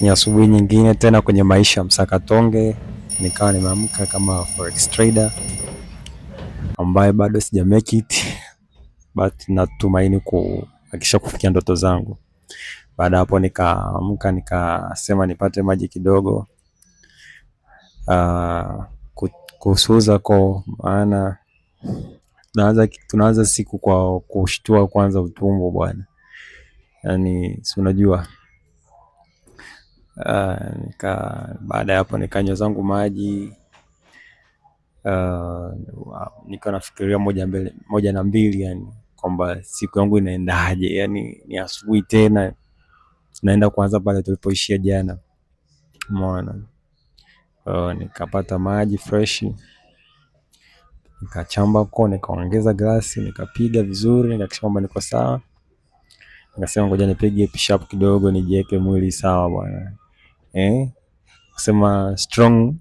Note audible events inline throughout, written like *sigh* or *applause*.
Ni asubuhi nyingine tena kwenye maisha ya msakatonge, nikawa nimeamka kama forex trader ambaye bado sija make it, but natumaini kuhakikisha kufikia ndoto zangu. Baada hapo nikaamka nikasema nipate maji kidogo, uh, kusuza ko maana tunaanza siku kwa kushtua kwanza utumbo bwana, yani si unajua Uh, nika baada ya hapo nikanywa zangu maji uh, nikawa nafikiria moja mbele, moja na mbili, yani kwamba siku yangu inaendaje, yani ni asubuhi tena tunaenda kuanza pale tulipoishia jana, umeona. Uh, nikapata maji fresh nikachamba ko, nikaongeza glasi, nikapiga vizuri, nikakisha kwamba niko sawa, nikasema ngoja nipige push kidogo nijiweke mwili sawa bwana eh, kusema strong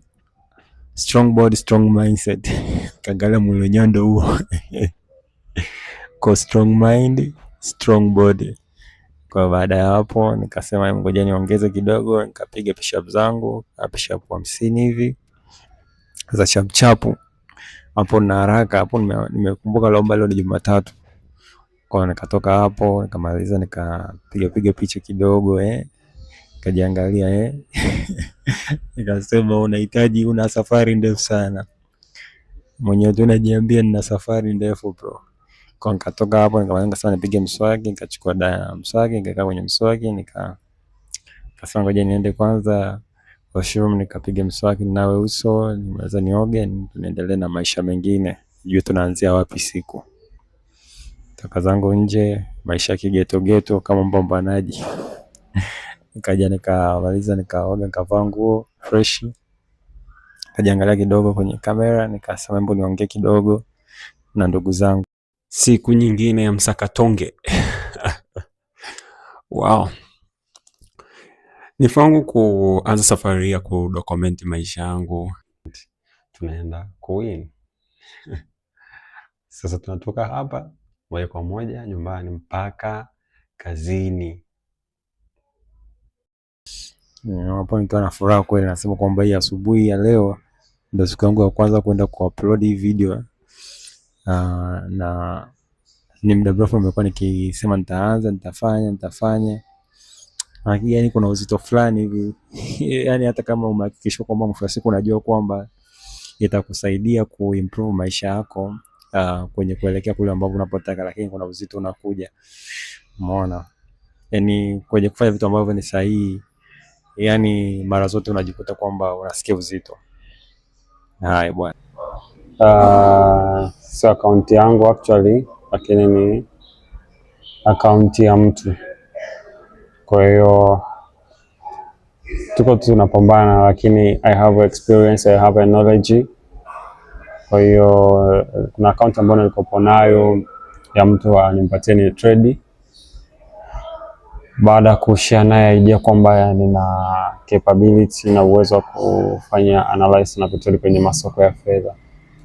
strong body strong mindset. *laughs* Kangala mulonyondo huo *laughs* kwa strong mind strong body. Kwa baada ya hapo nikasema ngoja niongeze kidogo, nikapiga push-up zangu na push-up hamsini hivi za chapchapu hapo na haraka hapo. Nimekumbuka lomba leo ni Jumatatu, kwa nikatoka hapo nikamaliza nikapigapiga picha kidogo eh Kajiangalia eh? *laughs* Nikasema unahitaji, una safari ndefu sana Mwenye tu najiambia nina safari ndefu bro. Kwa nikatoka hapo nikamaliza, sana nipige mswaki, nikachukua dawa ya mswaki, nikakaa kwenye mswaki, nika kasema ngoja niende kwanza washroom nikapiga mswaki, nawe uso, nimaliza nioge, niendelee na maisha mengine, juu tunaanzia wapi siku. Toka zangu nje, maisha ya geto kama mbombanaji *laughs* nikaja nikamaliza nikaoga nikavaa nguo fresh, nikajiangalia kidogo kwenye kamera, nikasema hebu niongee kidogo na ndugu zangu. Siku nyingine ya msakatonge *laughs* wow. Nifangu kuanza safari ya kudokumenti maisha yangu, tunaenda Kuwini *laughs* sasa tunatoka hapa moja kwa moja nyumbani mpaka kazini. Hapo nikiwa na furaha kweli, nasema kwamba hii asubuhi ya leo ndio siku yangu ya kwanza kwenda kuupload hii video. Uh, na ni muda mrefu nimekuwa nikisema nitaanza, nitafanya, nitafanya. Lakini yani kuna uzito fulani hivi. *laughs* Yani hata kama umehakikishwa kwamba mwisho wa siku unajua kwamba itakusaidia kuimprove maisha yako uh, kwenye kuelekea kule ambapo unapotaka, lakini kuna uzito unakuja. Umeona? Yani kwenye kufanya vitu ambavyo ni sahihi yani mara zote unajikuta kwamba unasikia uzito. Haya bwana. Uh, sio akaunti yangu actually, lakini ni akaunti ya mtu. Kwa hiyo tuko tunapambana, lakini I have experience, I have knowledge. Kwa hiyo kuna akaunti ambayo nilikopo nayo ya mtu animpatie ni trade baada ya kushare naye idea kwamba nina capability na uwezo wa kufanya analysis na kutrade kwenye masoko ya fedha.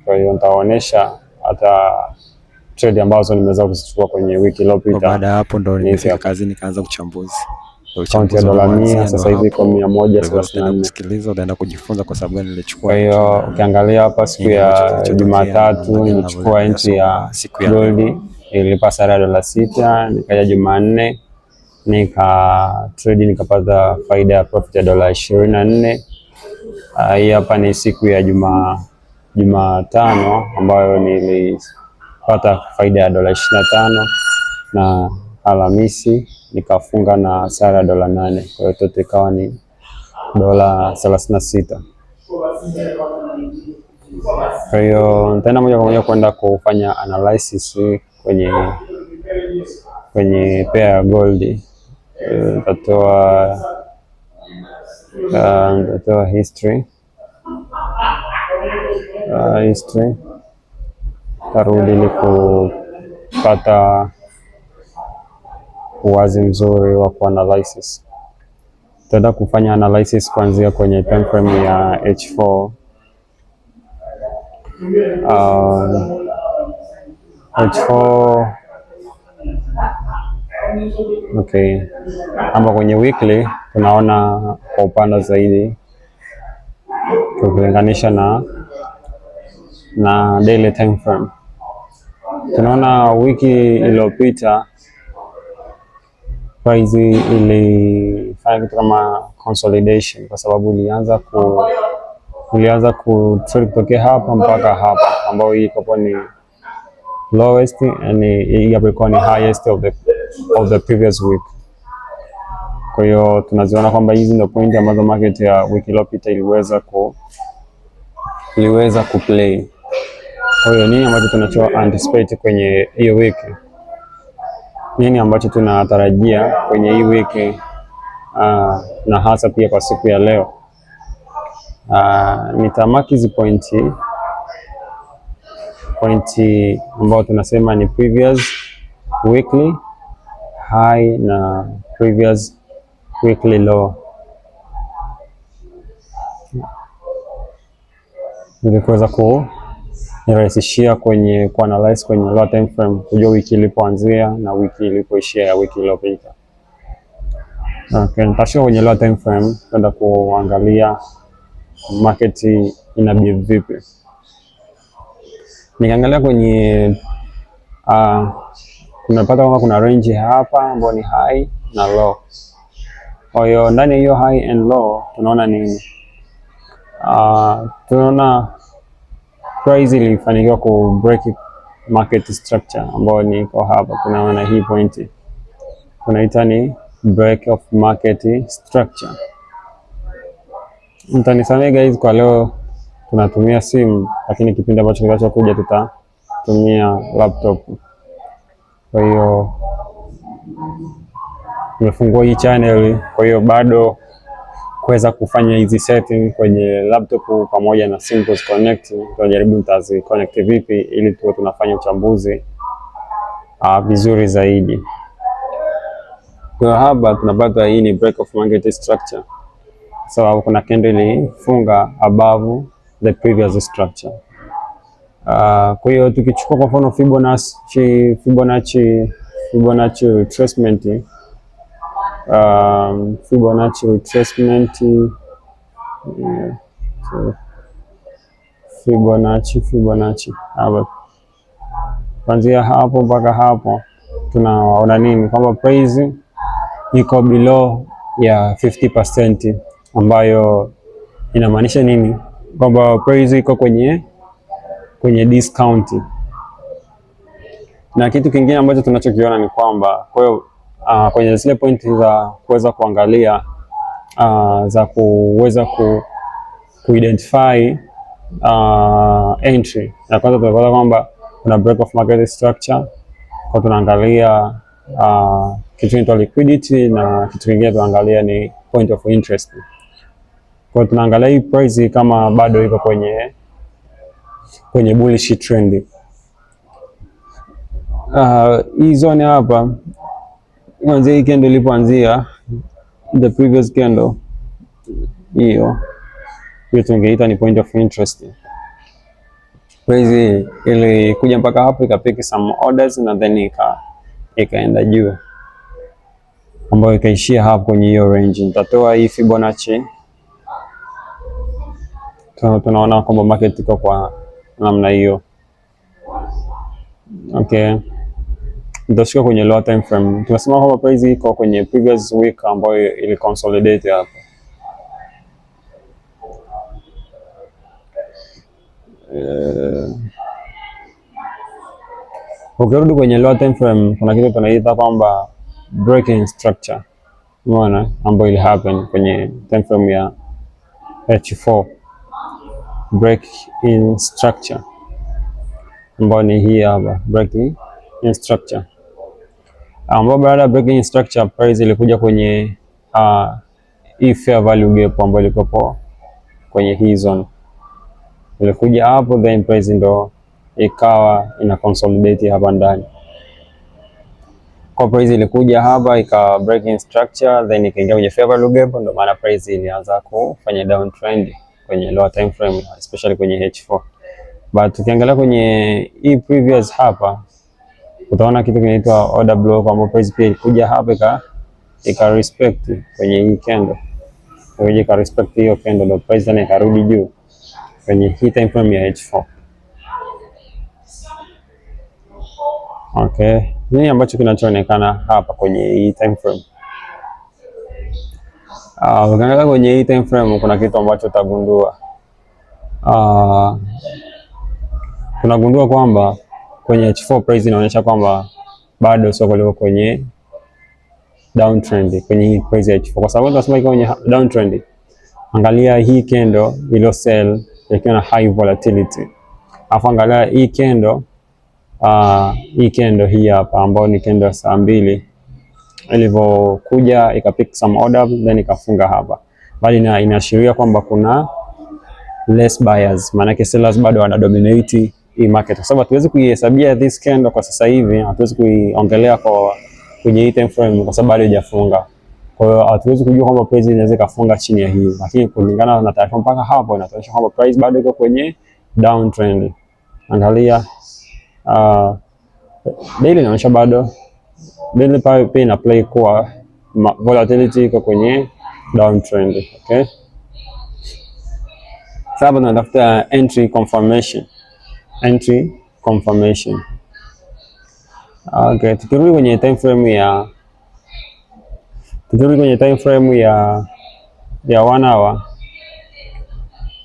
Kwa hiyo nitaonesha hata trade ambazo nimeweza kuzichukua kwenye wiki iliyopita. Baada hapo ndo nimefika kazi nikaanza kuchambuzi Kaunti ya dola mia sasa hivi iko mia moja thelathini na nne. Kusikiliza utaenda kujifunza kwa sababu gani nilichukua. Kwa hiyo ukiangalia hapa siku ya Jumatatu nilichukua entry ya gold ilipasa dola sita, nikaja Jumanne nika trade nikapata faida ya profit ya dola ishirini na nne. Ah, hii hapa ni siku ya juma Jumatano ambayo nilipata faida ya dola ishirini na tano na Alhamisi nikafunga na sara ya dola nane. Kwa hiyo tote ikawa ni dola thelathini na sita. Kwa hiyo nitaenda moja kwa moja kwenda kufanya analysis kwenye kwenye pair ya gold. Nitatoa uh, nitatoa history uh, history tarudi ni kupata uwazi mzuri wa kuanalysis. Tutaenda kufanya analysis kuanzia kwenye time frame ya H4 uh, H4 Okay, Ama kwenye weekly tunaona kwa upana zaidi tukilinganisha na na daily time frame. Tunaona wiki iliyopita price ilifanya kitu kama consolidation, kwa sababu ilianza ku ilianza ku trade kutokea hapa mpaka hapa, ambayo hii ikakuwa ni lowest, and hii ilikuwa ni highest of the of the previous week. Kwa hiyo tunaziona kwamba hizi ndio point ambazo market ya wiki iliyopita iliweza ku iliweza kuplay. Kwa hiyo nini ambacho tunacho anticipate kwenye hiyo wiki? Nini ambacho tunatarajia kwenye hii wiki? Uh, ah, na hasa pia kwa siku ya leo uh, ah, nitamaki hizi pointi pointi ambayo tunasema ni previous weekly high na previous weekly low ili kuweza kunirahisishia kwenye kuanalyze kwenye lower time frame kujua wiki ilipoanzia na wiki ilipoishia ya wiki iliyopita. Okay, nitashuka kwenye lower time frame kwenda kuangalia market ina behave vipi. Nikaangalia kwenye uh, Tumepata kwamba kuna range hapa ambayo ni high na low. Kwa hiyo ndani ya hiyo high and low tunaona nini? Uh, tunaona price ilifanikiwa ku break market structure ambayo ni iko hapa, kuna maana hii point tunaita ni break of market structure. Mtanisamee guys, kwa leo tunatumia simu, lakini kipindi ambacho kinachokuja tutatumia laptop. Kwa hiyo nimefungua hii channel, kwa hiyo bado kuweza kufanya hizi setting kwenye laptop pamoja na simu connect, tunajaribu nitazi connect vipi ili tuwe tunafanya uchambuzi ah, vizuri zaidi. Kwa hapa tunapata hii ni break of market structure, sababu so, kuna candle funga above the previous structure. Uh, kwa hiyo tukichukua kwa mfano Fibonacci, Fibonacci, Fibonacci retracement um, Fibonacci retracement yeah, so, Fibonacci Fibonacci hapa kuanzia hapo mpaka hapo tunaona nini? Kwamba price iko below ya 50% ambayo inamaanisha nini? Kwamba price iko kwenye kwenye discount. Na kitu kingine ambacho tunachokiona ni kwamba kwa hiyo uh, kwenye zile pointi za kuweza kuangalia uh, za kuweza ku, ku identify uh, ah, entry na kwanza tunapata kwamba kuna break of market structure kwa tunaangalia uh, kitu kinaitwa liquidity na kitu kingine tunaangalia ni point of interest. Kwa tunaangalia hii price kama bado iko kwenye kwenye bullish trend. Uh, hii zone hapa kuanzia hii candle ilipoanzia the previous candle hiyo hiyo tungeita ni point of interest. Hizi ilikuja mpaka hapo ikapiki some orders na then ika ikaenda juu ambayo ikaishia hapo kwenye hiyo range. Nitatoa hii Fibonacci, tunaona kwamba market iko kwa namna hiyo. Okay, tutashika kwenye lower time frame. Tunasema kwamba price iko kwenye previous week ambayo ili consolidate hapo uh, Ukirudi kwenye lower time frame kuna kitu tunaita kwamba breaking structure, umeona, ambayo ili happen kwenye time frame ya H4 break in structure ambayo ni hii hapa break in structure, ambapo baada ya break in structure price ilikuja kwenye uh, hii fair value gap ambayo ilikuwa kwenye hii zone ilikuja hapo, then price ndo ikawa ina consolidate hapa ndani kwa price ilikuja hapa ika breaking structure then ikaingia kwenye fair value gap, ndio maana price ilianza kufanya downtrend kwenye lower time frame, especially kwenye H4. But ukiangalia kwenye hii previous hapa utaona kitu kinaitwa order block ambapo price pia ilikuja hapa ika ika respect kwenye hii candle. Kwenye ika respect hiyo candle ndio price tena ikarudi juu kwenye hii time frame ya H4. Okay. Nini ambacho kinachoonekana hapa kwenye hii time frame? Uh, ukiangalia kwenye hii time frame kuna kitu ambacho utagundua uh, tunagundua kwamba kwenye H4 price inaonyesha kwamba bado soko liko kwenye downtrend kwenye hii price ya H4, kwa sababu tunasema iko kwenye downtrend. Angalia hii kendo ilo sell ikiwa na high volatility, afu angalia hii kendo uh, hii kendo hii hapa ambayo ni kendo ya saa mbili ilivyokuja ika pick some order then ikafunga hapa, bali na inaashiria kwamba kuna less buyers, maana yake sellers bado wana dominate hii market, kwa sababu hatuwezi kuihesabia this candle kwa sasa hivi, hatuwezi kuiongelea kwa kwenye hii time frame kwa sababu bado haijafunga. Kwa hiyo hatuwezi kujua kwamba price inaweza ikafunga chini ya hii, lakini kulingana na taarifa mpaka hapo inatuonyesha kwamba price bado iko kwenye downtrend. Angalia uh, daily inaonyesha bado daily pale pia ina play kuwa volatility iko kwenye downtrend, okay. Sasa tunatafuta entry confirmation, entry confirmation. Okay, tukirudi kwenye time frame ya tukirudi kwenye time frame ya ya one hour,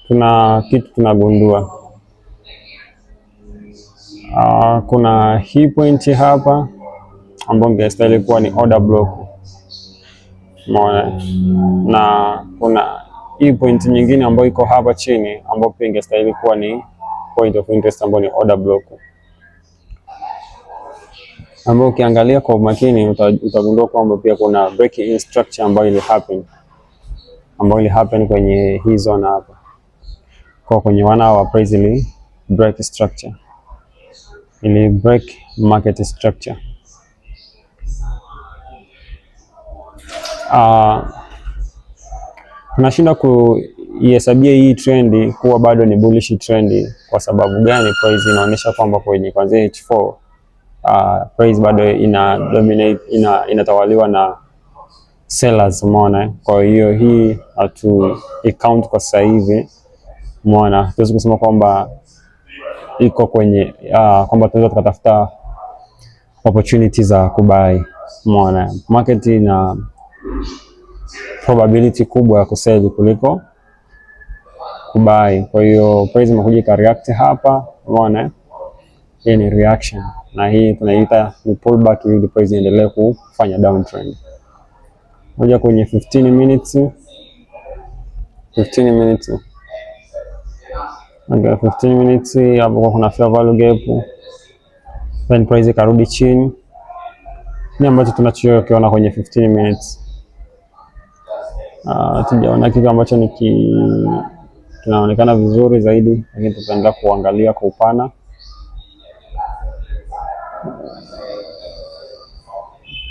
tuna kitu tunagundua, uh, kuna hii point hapa ambao ingestahili kuwa ni order block. Umeona, na kuna hii point nyingine ambayo iko hapa chini ambayo pia ingestahili kuwa ni point of interest ambayo ni order block, ambayo ukiangalia kwa umakini utagundua kwamba pia kuna breaking in structure ambayo ili happen ambayo ili happen kwenye hii zone hapa, kwa kwenye wana wa price ili break structure ili break market structure uh, ah, tunashinda kuihesabia hii trendi kuwa bado ni bullish trendi. Kwa sababu gani? Price inaonyesha kwamba kwenye kwanzia H4 uh, ah, price bado ina dominate, ina inatawaliwa na sellers, umeona. Kwa hiyo hii hatu account kwa sasa hivi, umeona, tuwezi kusema kwamba iko kwenye uh, kwamba tunaweza tukatafuta opportunity za kubai, umeona, market na probability kubwa ya kusell kuliko kubai. Kwa hiyo price imekuja ika react hapa, umeona hii ni reaction, na hii tunaiita ni pullback, ili price iendelee kufanya downtrend. Moja kwenye 15 minutes, 15 minutes, 15 minutes hapo kwa kuna fair value gap, then price ikarudi chini. Ni ambacho tunachokiona kwenye 15 minutes hatujaona ah, kitu ambacho ni ki... kinaonekana vizuri zaidi, lakini tutaendelea kuangalia kwa upana.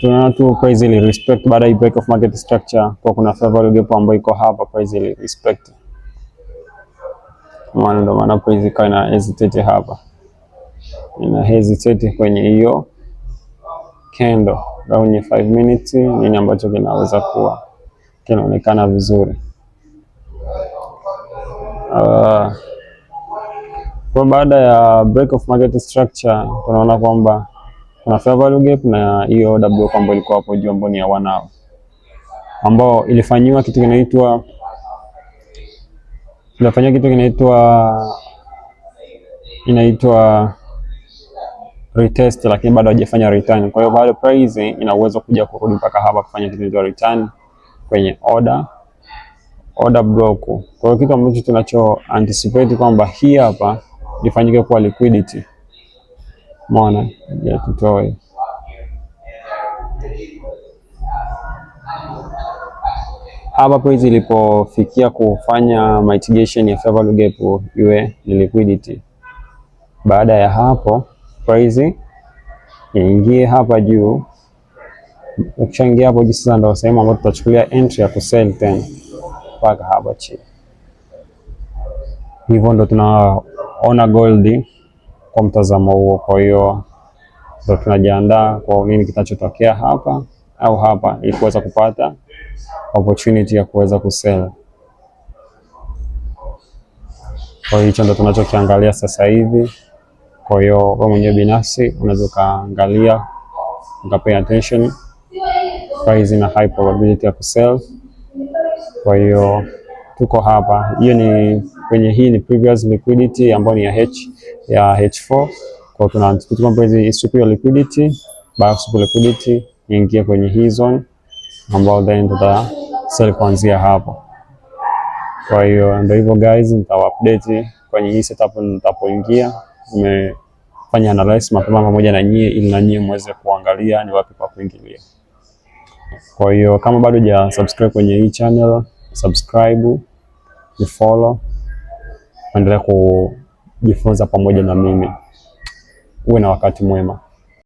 Tunaona tu price ili respect baada ya break of market structure, kwa kuna fair value gap ambayo iko hapa, price ili respect maana ndo maana price ikawa ina hesitate hapa, ina hesitate kwenye hiyo kendo au kwenye 5 minutes, nini ambacho kinaweza kuwa kinaonekana vizuri. Uh, kwa baada ya break of market structure tunaona kwamba kuna fair value gap na hiyo W kwamba ilikuwa hapo juu ambayo ni ya one hour ambao ilifanyiwa kitu kinaitwa ilifanyiwa kitu kinaitwa inaitwa retest, lakini bado hajafanya return. Kwa hiyo bado price ina uwezo kuja kurudi mpaka hapa kufanya kitu kinaitwa return kwenye order order block. Kwa hiyo kitu ambacho tunacho anticipate kwamba hii hapa ifanyike kwa liquidity. Umeona? Ya tutoe hapa page ilipofikia kufanya mitigation ya fair value gap iwe ni liquidity. Baada ya hapo price iingie hapa juu Ukishaingia hapo hivi sasa ndio sehemu ambayo tutachukulia entry ya kusell tena mpaka hapa chini. Hivyo ndo tunaona gold kwa mtazamo huo. Kwa hiyo ndo tunajiandaa kwa nini kinachotokea hapa au hapa, ili kuweza kupata opportunity ya kuweza kusell. Kwa hiyo hicho ndo tunachokiangalia sasa hivi. Kwa hiyo wewe mwenyewe binafsi unaweza ukaangalia ukapay attention price ina high probability ya kusell. Kwa hiyo tuko hapa, hiyo ni kwenye hii ni previous liquidity ambayo ni ya H ya H4. Kwa hiyo tuna ya liquidity baada superior liquidity ingia kwenye hii zone ambao then tuta sell kuanzia hapo. Kwa hiyo ndio hivyo guys, nitawa update kwenye hii setup nitapoingia nimefanya analysis mapema pamoja na nyie, ili na nyie muweze kuangalia ni wapi pa kuingilia. Kwa hiyo kama bado ja subscribe kwenye hii channel, subscribe, ni follow, endelea kujifunza pamoja na mimi. Uwe na wakati mwema.